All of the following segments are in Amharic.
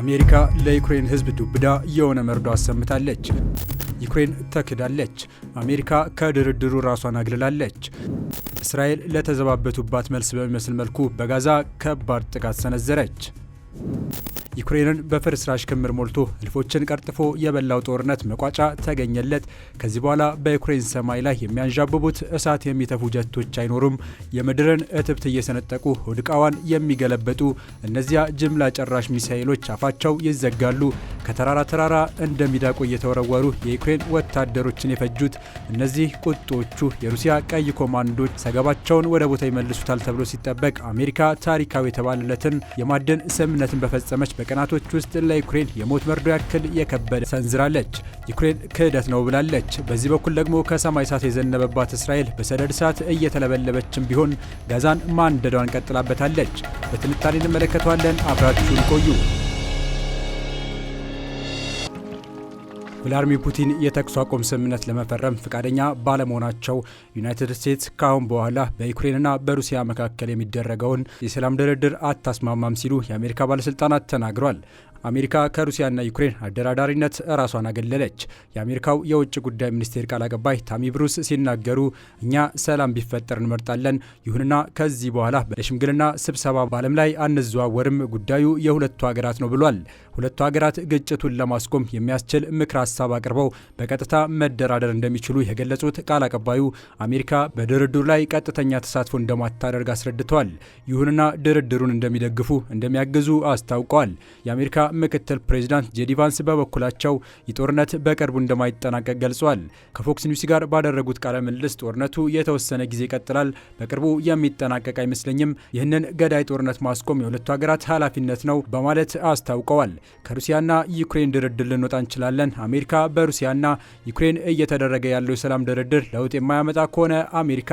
አሜሪካ ለዩክሬን ህዝብ ዱብዳ የሆነ መርዶ አሰምታለች። ዩክሬን ተክዳለች። አሜሪካ ከድርድሩ ራሷን አግልላለች። እስራኤል ለተዘባበቱባት መልስ በሚመስል መልኩ በጋዛ ከባድ ጥቃት ሰነዘረች። ዩክሬንን በፍርስራሽ ክምር ሞልቶ እልፎችን ቀርጥፎ የበላው ጦርነት መቋጫ ተገኘለት። ከዚህ በኋላ በዩክሬን ሰማይ ላይ የሚያንዣብቡት እሳት የሚተፉ ጀቶች አይኖሩም። የምድርን እትብት እየሰነጠቁ ውድቃዋን የሚገለበጡ እነዚያ ጅምላ ጨራሽ ሚሳኤሎች አፋቸው ይዘጋሉ። ከተራራ ተራራ እንደሚዳቁ እየተወረወሩ የዩክሬን ወታደሮችን የፈጁት እነዚህ ቁጦቹ የሩሲያ ቀይ ኮማንዶች ሰገባቸውን ወደ ቦታ ይመልሱታል ተብሎ ሲጠበቅ አሜሪካ ታሪካዊ የተባለለትን የማዕድን ስምምነትን በፈጸመች በቀናቶች ውስጥ ለዩክሬን የሞት መርዶ ያክል የከበደ ሰንዝራለች። ዩክሬን ክህደት ነው ብላለች። በዚህ በኩል ደግሞ ከሰማይ እሳት የዘነበባት እስራኤል በሰደድ እሳት እየተለበለበችም ቢሆን ጋዛን ማንደዷን ቀጥላበታለች። በትንታኔ እንመለከተዋለን። አብራችሁን ቆዩ። ቭላድሚር ፑቲን የተኩስ አቁም ስምምነት ለመፈረም ፈቃደኛ ባለመሆናቸው ዩናይትድ ስቴትስ ከአሁን በኋላ በዩክሬንና በሩሲያ መካከል የሚደረገውን የሰላም ድርድር አታስማማም ሲሉ የአሜሪካ ባለስልጣናት ተናግሯል። አሜሪካ ከሩሲያና ዩክሬን አደራዳሪነት ራሷን አገለለች። የአሜሪካው የውጭ ጉዳይ ሚኒስቴር ቃል አቀባይ ታሚ ብሩስ ሲናገሩ እኛ ሰላም ቢፈጠር እንመርጣለን፣ ይሁንና ከዚህ በኋላ ለሽምግልና ስብሰባ በዓለም ላይ አንዘዋወርም፣ ጉዳዩ የሁለቱ ሀገራት ነው ብሏል። ሁለቱ ሀገራት ግጭቱን ለማስቆም የሚያስችል ምክር ሀሳብ አቅርበው በቀጥታ መደራደር እንደሚችሉ የገለጹት ቃል አቀባዩ አሜሪካ በድርድሩ ላይ ቀጥተኛ ተሳትፎ እንደማታደርግ አስረድተዋል። ይሁንና ድርድሩን እንደሚደግፉ እንደሚያግዙ አስታውቀዋል። የአሜሪካ ምክትል ፕሬዚዳንት ጄዲቫንስ በበኩላቸው የጦርነት ጦርነት በቅርቡ እንደማይጠናቀቅ ገልጿል። ከፎክስ ኒውስ ጋር ባደረጉት ቃለ ምልልስ ጦርነቱ የተወሰነ ጊዜ ይቀጥላል፣ በቅርቡ የሚጠናቀቅ አይመስለኝም። ይህንን ገዳይ ጦርነት ማስቆም የሁለቱ ሀገራት ኃላፊነት ነው በማለት አስታውቀዋል። ከሩሲያና ዩክሬን ድርድር ልንወጣ እንችላለን። አሜሪካ በሩሲያና ዩክሬን እየተደረገ ያለው የሰላም ድርድር ለውጥ የማያመጣ ከሆነ አሜሪካ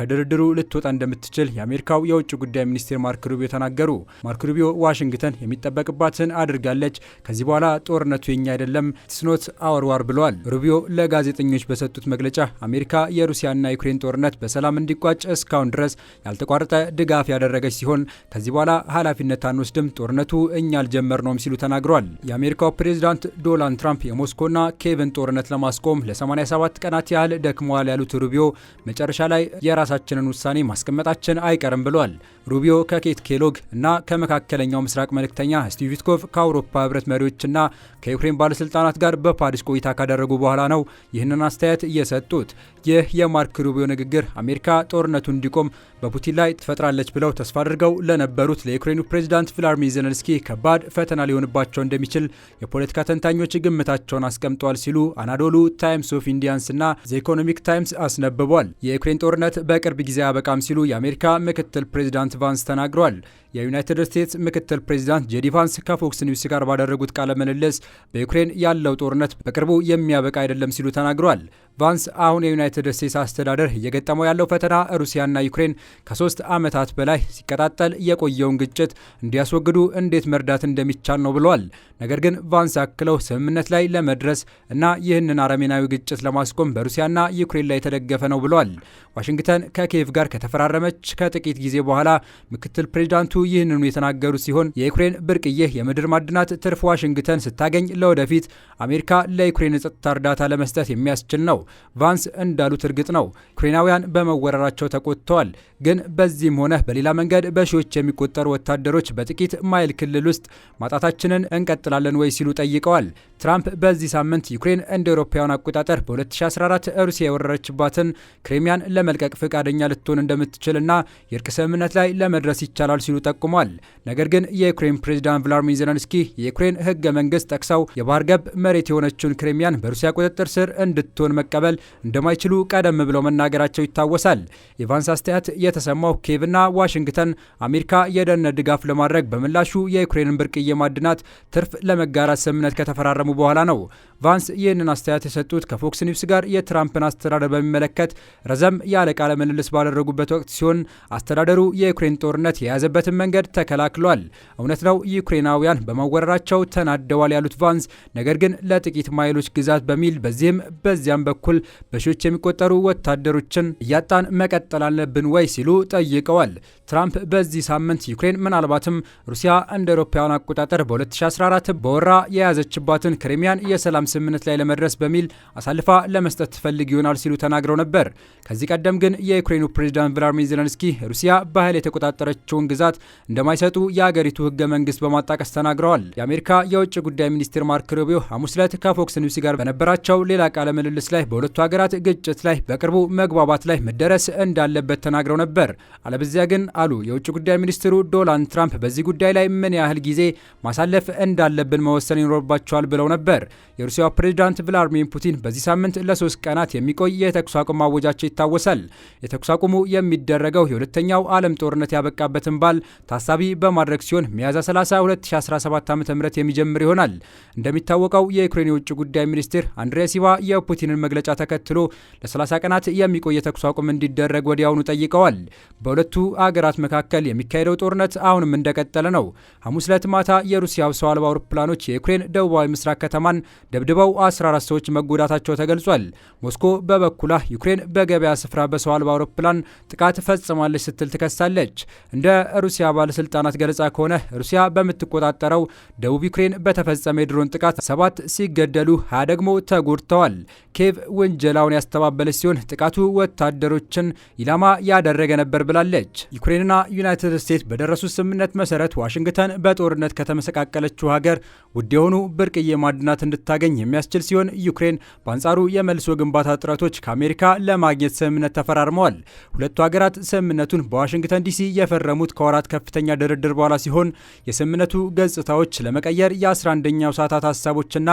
ከድርድሩ ልትወጣ እንደምትችል የአሜሪካው የውጭ ጉዳይ ሚኒስቴር ማርክ ሩቢዮ ተናገሩ። ማርክ ሩቢዮ ዋሽንግተን የሚጠበቅባትን አድ አድርጋለች። ከዚህ በኋላ ጦርነቱ የኛ አይደለም ስኖት አወርዋር ብለዋል። ሩቢዮ ለጋዜጠኞች በሰጡት መግለጫ አሜሪካ የሩሲያና ዩክሬን ጦርነት በሰላም እንዲቋጭ እስካሁን ድረስ ያልተቋረጠ ድጋፍ ያደረገች ሲሆን ከዚህ በኋላ ኃላፊነት አንወስድም፣ ጦርነቱ እኛ አልጀመርነውም ሲሉ ተናግሯል። የአሜሪካው ፕሬዚዳንት ዶናልድ ትራምፕ የሞስኮና ኬቭን ጦርነት ለማስቆም ለ87 ቀናት ያህል ደክመዋል ያሉት ሩቢዮ መጨረሻ ላይ የራሳችንን ውሳኔ ማስቀመጣችን አይቀርም ብለዋል። ሩቢዮ ከኬት ኬሎግ እና ከመካከለኛው ምስራቅ መልእክተኛ ስቲቭ ዊትኮቭ ከአውሮፓ ህብረት መሪዎችና ከዩክሬን ባለስልጣናት ጋር በፓሪስ ቆይታ ካደረጉ በኋላ ነው ይህንን አስተያየት እየሰጡት። ይህ የማርክ ሩቢዮ ንግግር አሜሪካ ጦርነቱ እንዲቆም በፑቲን ላይ ትፈጥራለች ብለው ተስፋ አድርገው ለነበሩት ለዩክሬኑ ፕሬዚዳንት ቭላድሚር ዜለንስኪ ከባድ ፈተና ሊሆንባቸው እንደሚችል የፖለቲካ ተንታኞች ግምታቸውን አስቀምጠዋል ሲሉ አናዶሉ ታይምስ ኦፍ እና ዘ ኢኮኖሚክ ታይምስ አስነብቧል። የዩክሬን ጦርነት በቅርብ ጊዜ አበቃም ሲሉ የአሜሪካ ምክትል ፕሬዚዳንት ቫንስ ተናግሯል። የዩናይትድ ስቴትስ ምክትል ፕሬዚዳንት ጄዲ ቫንስ ከፎክስ ከቢቢሲ ጋር ባደረጉት ቃለ ምልልስ በዩክሬን ያለው ጦርነት በቅርቡ የሚያበቃ አይደለም ሲሉ ተናግረዋል። ቫንስ አሁን የዩናይትድ ስቴትስ አስተዳደር እየገጠመው ያለው ፈተና ሩሲያና ዩክሬን ከሶስት ዓመታት በላይ ሲቀጣጠል የቆየውን ግጭት እንዲያስወግዱ እንዴት መርዳት እንደሚቻል ነው ብለዋል። ነገር ግን ቫንስ አክለው ስምምነት ላይ ለመድረስ እና ይህንን አረሜናዊ ግጭት ለማስቆም በሩሲያና ዩክሬን ላይ የተደገፈ ነው ብለዋል። ዋሽንግተን ከኪየቭ ጋር ከተፈራረመች ከጥቂት ጊዜ በኋላ ምክትል ፕሬዚዳንቱ ይህንኑ የተናገሩ ሲሆን የዩክሬን ብርቅዬ የምድር ማድናት ትርፍ ዋሽንግተን ስታገኝ ለወደፊት አሜሪካ ለዩክሬን የጸጥታ እርዳታ ለመስጠት የሚያስችል ነው። ቫንስ እንዳሉት እርግጥ ነው ዩክሬናውያን በመወረራቸው ተቆጥተዋል። ግን በዚህም ሆነ በሌላ መንገድ በሺዎች የሚቆጠሩ ወታደሮች በጥቂት ማይል ክልል ውስጥ ማጣታችንን እንቀጥላለን ወይ ሲሉ ጠይቀዋል። ትራምፕ በዚህ ሳምንት ዩክሬን እንደ አውሮፓውያን አቆጣጠር በ2014 ሩሲያ የወረረችባትን ክሬሚያን ለመልቀቅ ፈቃደኛ ልትሆን እንደምትችልና የእርቅ ስምምነት ላይ ለመድረስ ይቻላል ሲሉ ጠቁሟል። ነገር ግን የዩክሬን ፕሬዚዳንት ቭላዲሚር ዜለንስኪ የዩክሬን ህገ መንግስት ጠቅሰው የባህር ገብ መሬት የሆነችውን ክሬሚያን በሩሲያ ቁጥጥር ስር እንድትሆን መቀ ለመቀበል እንደማይችሉ ቀደም ብለው መናገራቸው ይታወሳል። የቫንስ አስተያየት የተሰማው ኬቭና ዋሽንግተን አሜሪካ የደህንነት ድጋፍ ለማድረግ በምላሹ የዩክሬንን ብርቅዬ ማዕድናት ትርፍ ለመጋራት ስምምነት ከተፈራረሙ በኋላ ነው። ቫንስ ይህንን አስተያየት የሰጡት ከፎክስ ኒውስ ጋር የትራምፕን አስተዳደር በሚመለከት ረዘም ያለ ቃለ ምልልስ ባደረጉበት ወቅት ሲሆን አስተዳደሩ የዩክሬን ጦርነት የያዘበትን መንገድ ተከላክሏል። እውነት ነው ዩክሬናውያን በማወረራቸው ተናደዋል ያሉት ቫንስ ነገር ግን ለጥቂት ማይሎች ግዛት በሚል በዚህም በዚያም በኩል በኩል በሺዎች የሚቆጠሩ ወታደሮችን እያጣን መቀጠል አለብን ወይ ሲሉ ጠይቀዋል። ትራምፕ በዚህ ሳምንት ዩክሬን ምናልባትም ሩሲያ እንደ አውሮፓውያን አቆጣጠር በ2014 በወራ የያዘችባትን ክሪሚያን የሰላም ስምምነት ላይ ለመድረስ በሚል አሳልፋ ለመስጠት ትፈልግ ይሆናል ሲሉ ተናግረው ነበር። ከዚህ ቀደም ግን የዩክሬኑ ፕሬዚዳንት ቭላዲሚር ዜለንስኪ ሩሲያ በኃይል የተቆጣጠረችውን ግዛት እንደማይሰጡ የአገሪቱ ህገ መንግስት በማጣቀስ ተናግረዋል። የአሜሪካ የውጭ ጉዳይ ሚኒስትር ማርክ ሩቢዮ ሐሙስ ዕለት ከፎክስ ኒውስ ጋር በነበራቸው ሌላ ቃለ ምልልስ ላይ በሁለቱ ሀገራት ግጭት ላይ በቅርቡ መግባባት ላይ መደረስ እንዳለበት ተናግረው ነበር። አለበዚያ ግን አሉ የውጭ ጉዳይ ሚኒስትሩ ዶናልድ ትራምፕ በዚህ ጉዳይ ላይ ምን ያህል ጊዜ ማሳለፍ እንዳለብን መወሰን ይኖርባቸዋል ብለው ነበር። የሩሲያው ፕሬዚዳንት ቭላዲሚር ፑቲን በዚህ ሳምንት ለሶስት ቀናት የሚቆይ የተኩስ አቁም ማወጃቸው ይታወሳል። የተኩስ አቁሙ የሚደረገው የሁለተኛው ዓለም ጦርነት ያበቃበትን በዓል ታሳቢ በማድረግ ሲሆን ሚያዝያ 30 2017 ዓ ም የሚጀምር ይሆናል። እንደሚታወቀው የዩክሬን የውጭ ጉዳይ ሚኒስትር አንድሬ የፑቲንን መግለጫ መግለጫ ተከትሎ ለ30 ቀናት የሚቆይ የተኩስ አቁም እንዲደረግ ወዲያውኑ ጠይቀዋል። በሁለቱ አገራት መካከል የሚካሄደው ጦርነት አሁንም እንደቀጠለ ነው። ሐሙስ ዕለት ማታ የሩሲያ ሰው አልባ አውሮፕላኖች የዩክሬን ደቡባዊ ምስራቅ ከተማን ደብድበው 14 ሰዎች መጎዳታቸው ተገልጿል። ሞስኮ በበኩሏ ዩክሬን በገበያ ስፍራ በሰው አልባ አውሮፕላን ጥቃት ፈጽማለች ስትል ትከሳለች። እንደ ሩሲያ ባለስልጣናት ገለጻ ከሆነ ሩሲያ በምትቆጣጠረው ደቡብ ዩክሬን በተፈጸመ የድሮን ጥቃት ሰባት ሲገደሉ ሀያ ደግሞ ተጎድተዋል። ኬቭ ውንጀላውን ያስተባበለች ሲሆን ጥቃቱ ወታደሮችን ኢላማ ያደረገ ነበር ብላለች። ዩክሬንና ዩናይትድ ስቴትስ በደረሱት ስምምነት መሰረት ዋሽንግተን በጦርነት ከተመሰቃቀለችው ሀገር ውድ የሆኑ ብርቅዬ ማዕድናት እንድታገኝ የሚያስችል ሲሆን ዩክሬን በአንጻሩ የመልሶ ግንባታ ጥረቶች ከአሜሪካ ለማግኘት ስምምነት ተፈራርመዋል። ሁለቱ ሀገራት ስምምነቱን በዋሽንግተን ዲሲ የፈረሙት ከወራት ከፍተኛ ድርድር በኋላ ሲሆን የስምምነቱ ገጽታዎች ለመቀየር የ11ኛው ሰዓታት ሀሳቦችና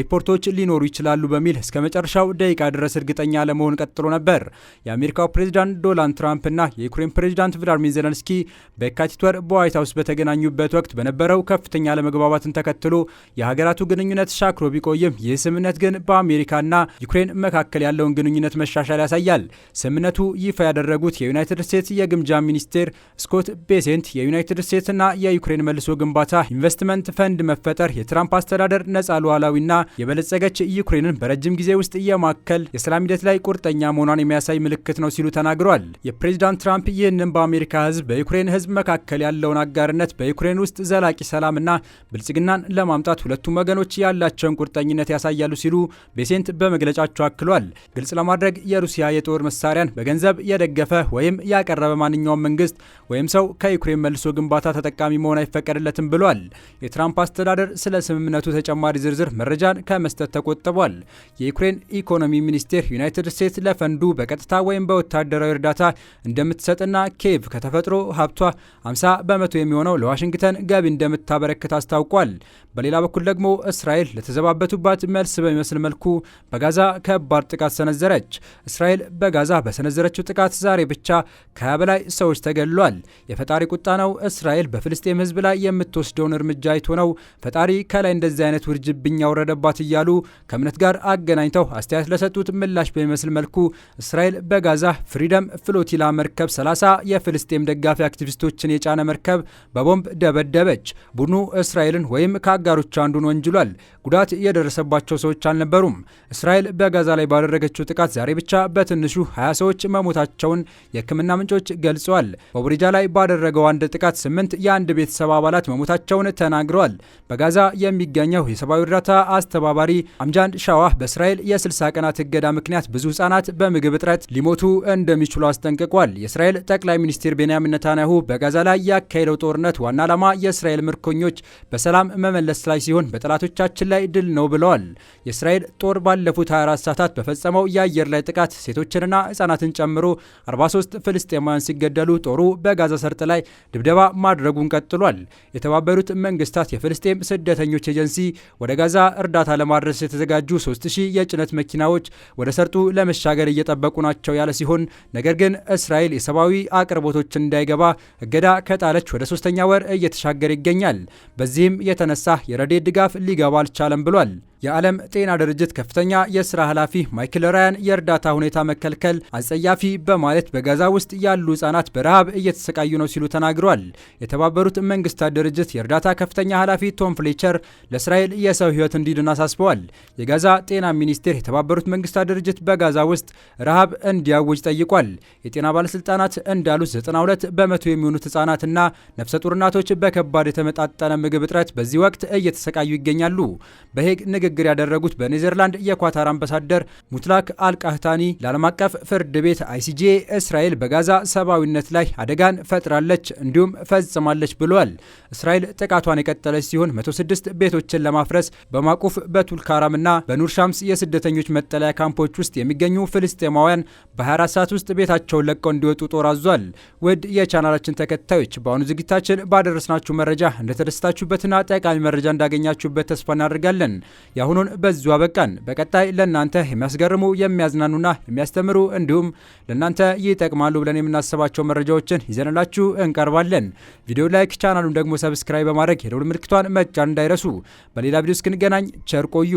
ሪፖርቶች ሊኖሩ ይችላሉ በሚል እስከ መጨረሻው ደቂቃ ድረስ እርግጠኛ ለመሆን ቀጥሎ ነበር። የአሜሪካው ፕሬዚዳንት ዶናልድ ትራምፕ እና የዩክሬን ፕሬዚዳንት ቭላድሚር ዜለንስኪ በየካቲት ወር በዋይት ሀውስ በተገናኙበት ወቅት በነበረው ከፍተኛ ለመግባባትን ተከትሎ የሀገራቱ ግንኙነት ሻክሮ ቢቆይም ይህ ስምምነት ግን በአሜሪካና ዩክሬን መካከል ያለውን ግንኙነት መሻሻል ያሳያል። ስምምነቱ ይፋ ያደረጉት የዩናይትድ ስቴትስ የግምጃ ሚኒስቴር ስኮት ቤሴንት የዩናይትድ ስቴትስና የዩክሬን መልሶ ግንባታ ኢንቨስትመንት ፈንድ መፈጠር የትራምፕ አስተዳደር ነጻ ሉዓላዊና የበለጸገች ዩክሬንን በረጅም ጊዜ ውስጥ ማካከል የሰላም ሂደት ላይ ቁርጠኛ መሆኗን የሚያሳይ ምልክት ነው ሲሉ ተናግረዋል። የፕሬዚዳንት ትራምፕ ይህንን በአሜሪካ ህዝብ በዩክሬን ህዝብ መካከል ያለውን አጋርነት በዩክሬን ውስጥ ዘላቂ ሰላምና ብልጽግናን ለማምጣት ሁለቱም ወገኖች ያላቸውን ቁርጠኝነት ያሳያሉ ሲሉ ቤሴንት በመግለጫቸው አክሏል። ግልጽ ለማድረግ የሩሲያ የጦር መሳሪያን በገንዘብ የደገፈ ወይም ያቀረበ ማንኛውም መንግስት ወይም ሰው ከዩክሬን መልሶ ግንባታ ተጠቃሚ መሆን አይፈቀድለትም ብሏል። የትራምፕ አስተዳደር ስለ ስምምነቱ ተጨማሪ ዝርዝር መረጃን ከመስጠት ተቆጥቧል። የዩክሬን ኢኮ የኢኮኖሚ ሚኒስቴር ዩናይትድ ስቴትስ ለፈንዱ በቀጥታ ወይም በወታደራዊ እርዳታ እንደምትሰጥና ኬቭ ከተፈጥሮ ሀብቷ 50 በመቶ የሚሆነው ለዋሽንግተን ገቢ እንደምታበረክት አስታውቋል። በሌላ በኩል ደግሞ እስራኤል ለተዘባበቱባት መልስ በሚመስል መልኩ በጋዛ ከባድ ጥቃት ሰነዘረች። እስራኤል በጋዛ በሰነዘረችው ጥቃት ዛሬ ብቻ ከ በላይ ሰዎች ተገድሏል። የፈጣሪ ቁጣ ነው። እስራኤል በፍልስጤም ህዝብ ላይ የምትወስደውን እርምጃ አይቶ ነው ፈጣሪ ከላይ እንደዚህ አይነት ውርጅብኝ ያወረደባት እያሉ ከእምነት ጋር አገናኝተው አስተያየት አስተያየት ለሰጡት ምላሽ በሚመስል መልኩ እስራኤል በጋዛ ፍሪደም ፍሎቲላ መርከብ 30 የፍልስጤም ደጋፊ አክቲቪስቶችን የጫነ መርከብ በቦምብ ደበደበች። ቡድኑ እስራኤልን ወይም ከአጋሮች አንዱን ወንጅሏል። ጉዳት የደረሰባቸው ሰዎች አልነበሩም። እስራኤል በጋዛ ላይ ባደረገችው ጥቃት ዛሬ ብቻ በትንሹ 20 ሰዎች መሞታቸውን የሕክምና ምንጮች ገልጸዋል። በቡሪጃ ላይ ባደረገው አንድ ጥቃት ስምንት የአንድ ቤተሰብ አባላት መሞታቸውን ተናግረዋል። በጋዛ የሚገኘው የሰብአዊ እርዳታ አስተባባሪ አምጃንድ ሻዋህ በእስራኤል የ60 ቀናት እገዳ ምክንያት ብዙ ህጻናት በምግብ እጥረት ሊሞቱ እንደሚችሉ አስጠንቅቋል። የእስራኤል ጠቅላይ ሚኒስትር ቤንያሚን ነታንያሁ በጋዛ ላይ ያካሄደው ጦርነት ዋና ዓላማ የእስራኤል ምርኮኞች በሰላም መመለስ ላይ ሲሆን በጠላቶቻችን ላይ ድል ነው ብለዋል። የእስራኤል ጦር ባለፉት 24 ሰዓታት በፈጸመው የአየር ላይ ጥቃት ሴቶችንና ህጻናትን ጨምሮ 43 ፍልስጤማውያን ሲገደሉ ጦሩ በጋዛ ሰርጥ ላይ ድብደባ ማድረጉን ቀጥሏል። የተባበሩት መንግስታት የፍልስጤም ስደተኞች ኤጀንሲ ወደ ጋዛ እርዳታ ለማድረስ የተዘጋጁ 3000 የጭነት መኪና መኪናዎች ወደ ሰርጡ ለመሻገር እየጠበቁ ናቸው ያለ ሲሆን ነገር ግን እስራኤል የሰብአዊ አቅርቦቶችን እንዳይገባ እገዳ ከጣለች ወደ ሶስተኛ ወር እየተሻገረ ይገኛል። በዚህም የተነሳ የረድኤት ድጋፍ ሊገባ አልቻለም ብሏል። የዓለም ጤና ድርጅት ከፍተኛ የስራ ኃላፊ ማይክል ራያን የእርዳታ ሁኔታ መከልከል አጸያፊ በማለት በጋዛ ውስጥ ያሉ ህጻናት በረሃብ እየተሰቃዩ ነው ሲሉ ተናግረዋል። የተባበሩት መንግስታት ድርጅት የእርዳታ ከፍተኛ ኃላፊ ቶም ፍሌቸር ለእስራኤል የሰው ህይወት እንዲድን አሳስበዋል። የጋዛ ጤና ሚኒስቴር የተባበሩት መንግስታት ድርጅት በጋዛ ውስጥ ረሃብ እንዲያውጅ ጠይቋል። የጤና ባለስልጣናት እንዳሉት 92 በመቶ የሚሆኑት ህጻናትና ነፍሰ ጡር እናቶች በከባድ የተመጣጠነ ምግብ እጥረት በዚህ ወቅት እየተሰቃዩ ይገኛሉ። በሄግ ንግግ ንግግር ያደረጉት በኔዘርላንድ የኳታር አምባሳደር ሙትላክ አልቃህታኒ ለዓለም አቀፍ ፍርድ ቤት አይሲጄ እስራኤል በጋዛ ሰብአዊነት ላይ አደጋን ፈጥራለች እንዲሁም ፈጽማለች ብለዋል። እስራኤል ጥቃቷን የቀጠለች ሲሆን 106 ቤቶችን ለማፍረስ በማቁፍ በቱልካራምና በኑር ሻምስ የስደተኞች መጠለያ ካምፖች ውስጥ የሚገኙ ፍልስጤማውያን በ24 ሰዓት ውስጥ ቤታቸውን ለቀው እንዲወጡ ጦር አዟል። ውድ የቻናላችን ተከታዮች በአሁኑ ዝግጅታችን ባደረስናችሁ መረጃ እንደተደስታችሁበትና ጠቃሚ መረጃ እንዳገኛችሁበት ተስፋ እናደርጋለን። የአሁኑን በዙ አበቃን። በቀጣይ ለእናንተ የሚያስገርሙ የሚያዝናኑና የሚያስተምሩ እንዲሁም ለእናንተ ይጠቅማሉ ብለን የምናስባቸው መረጃዎችን ይዘንላችሁ እንቀርባለን። ቪዲዮ ላይክ፣ ቻናሉን ደግሞ ሰብስክራይብ በማድረግ የደውል ምልክቷን መጫን እንዳይረሱ። በሌላ ቪዲዮ እስክንገናኝ ቸር ቆዩ።